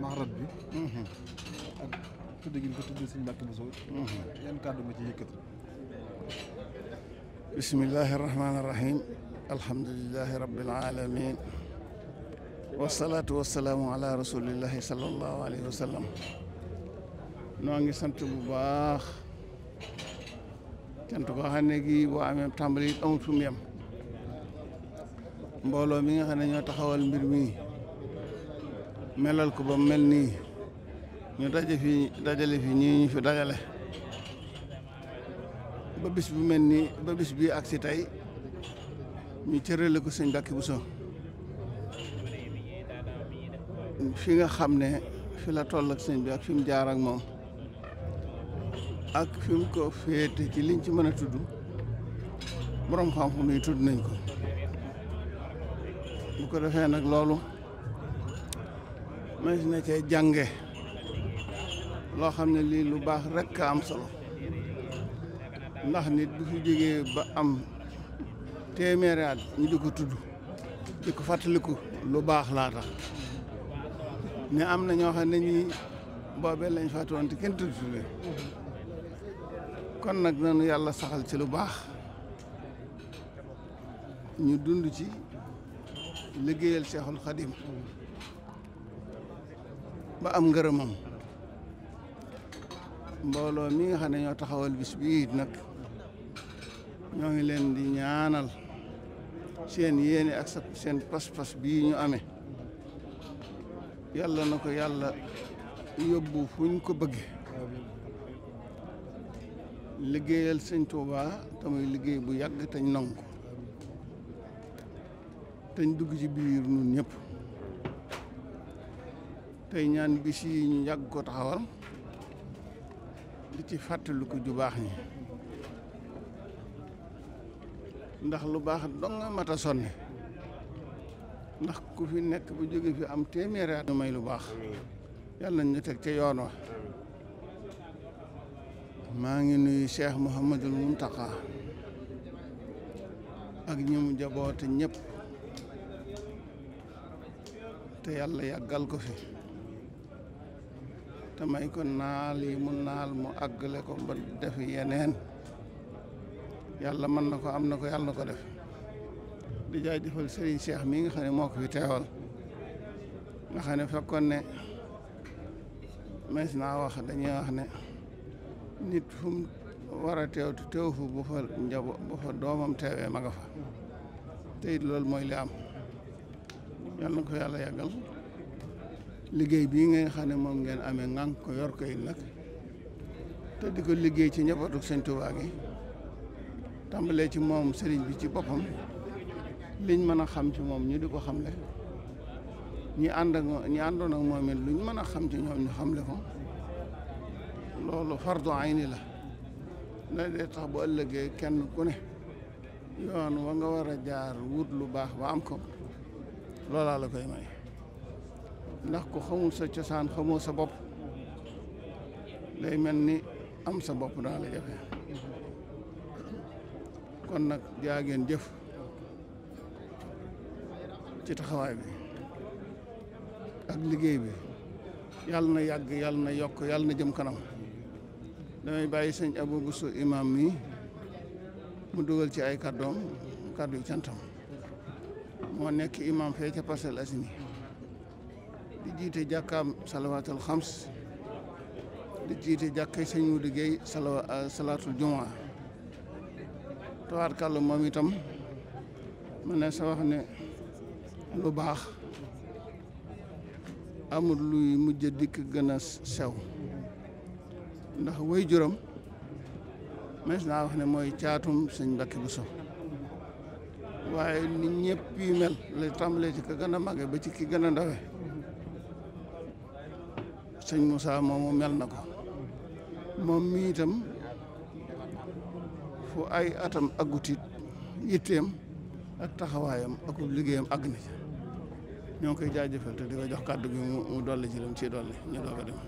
maxarat bi mhm. ak tudd gi ñu ko tudd suñu Mbàkke Bousso mhm. yan ala rasulillahi salallahu alayhi wa sallam noo ngi sant bu baax cant koo xam gi boo amee tàmbali it amul fu mbooloo mi nga xam ne ñoo taxawal mbir mi melal ko ba mel nii ñu daje fi dajale fi ñii ñu fi dajale ba bu mel nii ba bi bii ak si tey ñu cërale ko sëñ Mbàkke Buso fi nga xam ne fi la toll ak sëñ bi ak fi mu jaar ak moom ak fi mu ko féete ci ci mën a tudd borom xam-xam yi tudd nañ ko bu ko defee nag loolu mënees na cee jànge loo xam ne lii lu baax rekk am solo ndax nit bu fi jógee ba am téeméeri at ñu di ko tudd di ko fàttaliku lu baax laa tax am na ñoo xam ne ñi boobee lañ fàttewoon te kenn tudd leen kon nag nanu yàlla saxal ci lu baax ñu dund ci liggéeyal Seexul ba am ngërëmam mbooloo mi nga xam ne ñoo taxawal bis bii nag ñoo ngi leen di ñaanal seen yéene ak seen pas-pas bii ñu amee yàlla na ko yàlla yóbbu fu ñu ko bëggee liggéeyal sëñ Tuuba te muy liggéey bu yàgg te ñu nangu ko te ñu dugg ci biir ñun ñëpp. tey ñaan bis yi ñu yàgg ko taxawal di ci fàttaliku ju baax ñi ndax lu baax dong nga mat a sonne ndax ku fi nekk bu jóge fi am téeméeri at ñu may lu baax yàlla na ñu teg ca yoon wa maa ngi nuyu Cheikh Mouhamadul takka ak ñi mu jaboote ñëpp te yàlla yàggal ko fi te may ko naal yi mu naal mu àggale ko ba def yeneen yàlla mën na ko am na ko yàlla na ko def di jaajëfal Serigne Cheikh mi nga xam ne moo ko fi teewal nga xam ne fekkoon ne mees naa wax dañuy wax ne nit fu mu war a teew teew fu bu fa doomam teewee ma fa te it loolu mooy li am yàlla na ko yàlla yàggal. liggéey bii ngeen xam ne moom ngeen amee ngang ko yor ko yit nag te di ko liggéey ci njabootu Sëñ Tuubaa gi tàmbalee ci moom sëriñ bi ci boppam liñ mën a xam ci moom ñu di ko xamle ñi ànd ak ñi àndoon ak moom it luñ mën a xam ci ñoom ñu xamle ko loolu fardu ni la na dee tax bu ëllëgee kenn ku ne yoon wa nga war a jaar wut lu baax ba am ko loolaa la koy may ndax ku xamul sa cosaan xamoo sa bopp day mel ni am sa bopp daa la jafe kon nag jaa jëf ci taxawaay bi ak liggéey bi yàlla na yàgg yàlla na yokk yàlla na jëm kanam damay bàyyi sëñ Abou Bousso imam mi mu dugal ci ay kàddoom kàddu yu cantam moo nekk imam fee ca Parcelles Assainies di jiite jàkkaam salawaatul xams di jiite jàkkay sëñ mu liggéey salawa euh, salaatul jumaa tawaat kàllu moom itam mën na wax ne lu baax amul luy mujj dikk gën a sew ndax way juram mes naa wax ne mooy caatum sëñ Mbàkke Buso waaye nit ñëpp yi mel lay tàmbalee ci ka gën a màgge ba ci ki gën a ndawe sëñ Moussa moomu mel na ko moom miitam itam fu ay atam aggutit yitteem ak taxawaayam ak liggéeyam ak na ñoo ngi koy jaajëfal te di ko jox kàddu gi mu dolli ci lim ci dolli ñu doog a dem